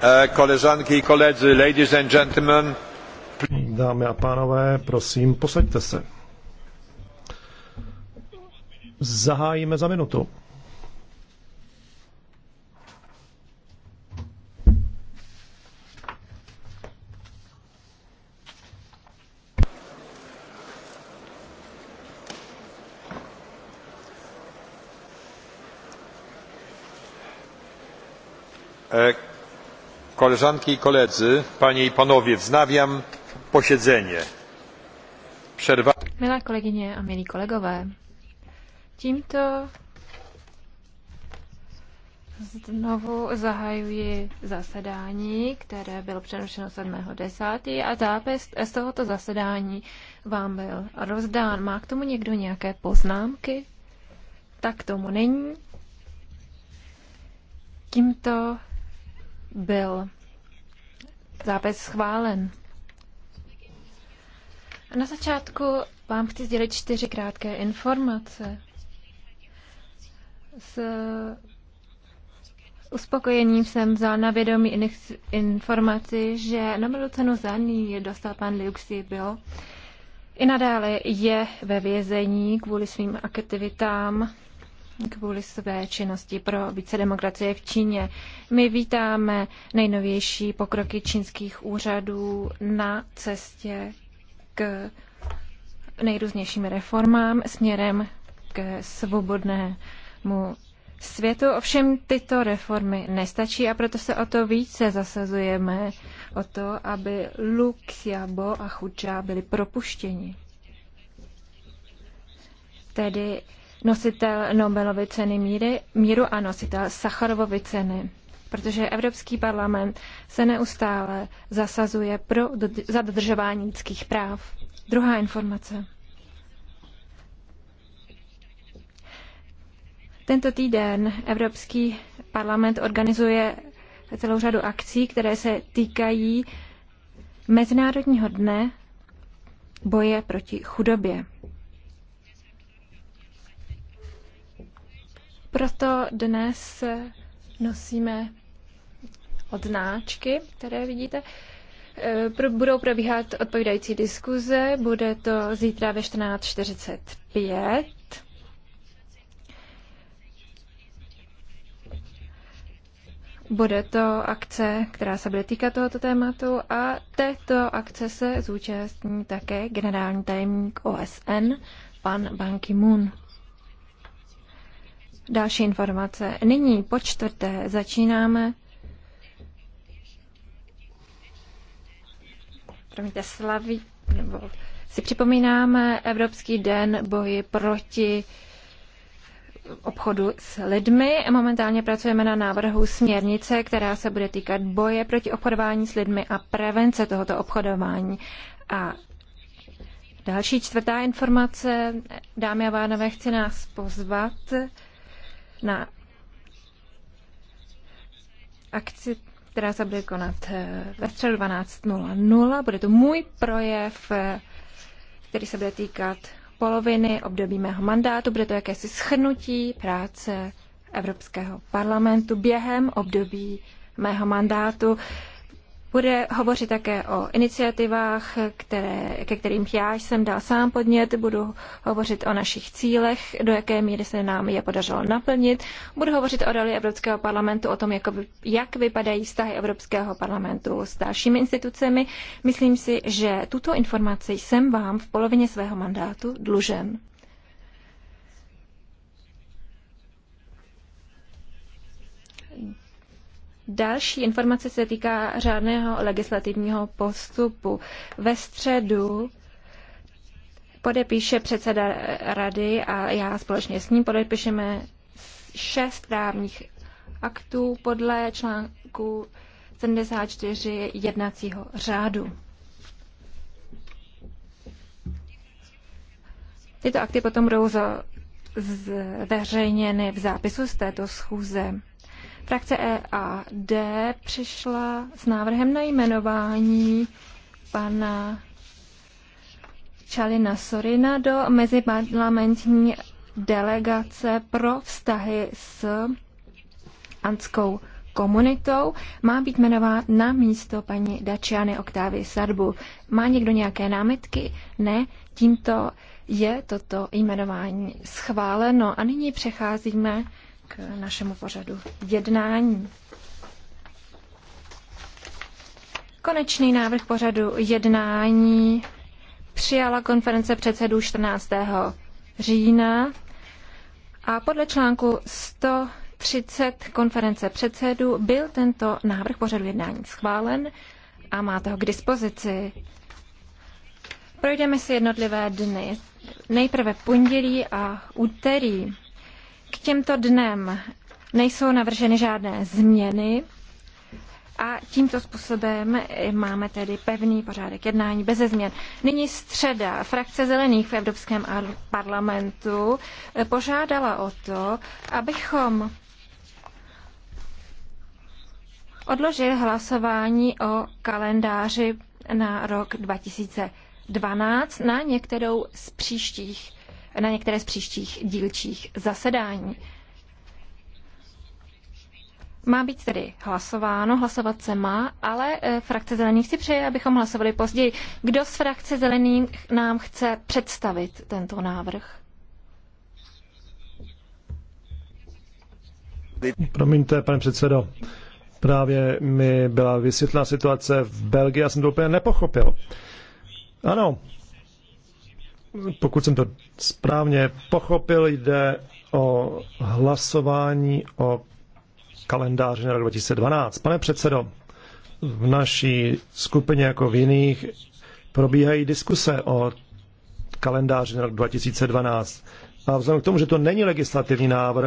Eh, ladies and gentlemen. Dámy a pánové, prosím, posaďte se. Zahájíme za minutu. Eh, koleżanki i koledzy panie i panowie wznawiam posiedzenie. Przerwa... milé kolegyně a milí kolegové tímto znovu zahajuji zasedání které bylo přerušeno 7.10. a zápis z tohoto zasedání vám byl rozdán. Má k tomu někdo nějaké poznámky? Tak tomu není. Tímto byl zápis schválen. A na začátku vám chci sdělit čtyři krátké informace. S uspokojením jsem vzal na vědomí informaci, že Nobelovu cenu za ní dostal pan Liu Xibio. I nadále je ve vězení kvůli svým aktivitám kvůli své činnosti pro více demokracie v Číně. My vítáme nejnovější pokroky čínských úřadů na cestě k nejrůznějším reformám směrem k svobodnému světu. Ovšem tyto reformy nestačí a proto se o to více zasazujeme o to, aby Lu Xiaobo a Chuča byli propuštěni. Tedy nositel Nobelovy ceny míry, míru a nositel Sacharovovy ceny. Protože Evropský parlament se neustále zasazuje pro, za dodržování lidských práv. Druhá informace. Tento týden Evropský parlament organizuje celou řadu akcí, které se týkají Mezinárodního dne boje proti chudobě. Proto dnes nosíme odnáčky, které vidíte. E, budou probíhat odpovídající diskuze, bude to zítra ve 14.45. Bude to akce, která se bude týkat tohoto tématu a této akce se zúčastní také generální tajemník OSN, pan Ban Ki-moon. Další informace. Nyní po čtvrté začínáme promiňte, slaví, nebo si připomínáme Evropský den boji proti obchodu s lidmi. Momentálně pracujeme na návrhu směrnice, která se bude týkat boje proti obchodování s lidmi a prevence tohoto obchodování. A další čtvrtá informace, dámy a pánové, chci nás pozvat na akci, která se bude konat eh, ve středu 12.00. Bude to můj projev, eh, který se bude týkat poloviny období mého mandátu. Bude to jakési schrnutí práce Evropského parlamentu během období mého mandátu. Bude hovořit také o iniciativách, které, ke kterým já jsem dal sám podnět, budu hovořit o našich cílech, do jaké míry se nám je podařilo naplnit, budu hovořit o roli Evropského parlamentu, o tom, jak, jak vypadají vztahy Evropského parlamentu s dalšími institucemi. Myslím si, že tuto informaci jsem vám v polovině svého mandátu dlužen. Další informace se týká řádného legislativního postupu. Ve středu podepíše předseda rady a já společně s ním podepíšeme šest právních aktů podle článku 74 jednacího řádu. Tyto akty potom budou zveřejněny v zápisu z této schůze. Frakce EAD přišla s návrhem na jmenování pana Čalina Sorina do meziparlamentní delegace pro vztahy s anskou komunitou. Má být jmenován na místo paní Dačiany Oktávy Sarbu. Má někdo nějaké námitky? Ne, tímto je toto jmenování schváleno. A nyní přecházíme k našemu pořadu jednání. Konečný návrh pořadu jednání přijala konference předsedů 14. října a podle článku 130 konference předsedů byl tento návrh pořadu jednání schválen a máte ho k dispozici. Projdeme si jednotlivé dny. Nejprve pondělí a úterý tímto dnem nejsou navrženy žádné změny a tímto způsobem máme tedy pevný pořádek jednání bez změn. Nyní středa. Frakce zelených v Evropském parlamentu eh, požádala o to, abychom odložili hlasování o kalendáři na rok 2012 na některou z příštích na některé z příštích dílčích zasedání. Má být tedy hlasováno, hlasovat se má, ale eh, frakce zelených si přeje, abychom hlasovali později. Kdo z frakce zelených nám chce představit tento návrh? Promiňte, pane předsedo, právě mi byla vysvětlena situace v Belgii, já jsem to úplně nepochopil. Ano, pokud jsem to správně pochopil, jde o hlasování o kalendáři na rok 2012. Pane předsedo, v naší skupině jako v jiných probíhají diskuse o kalendáři na rok 2012. A vzhledem k tomu, že to není legislativní návrh,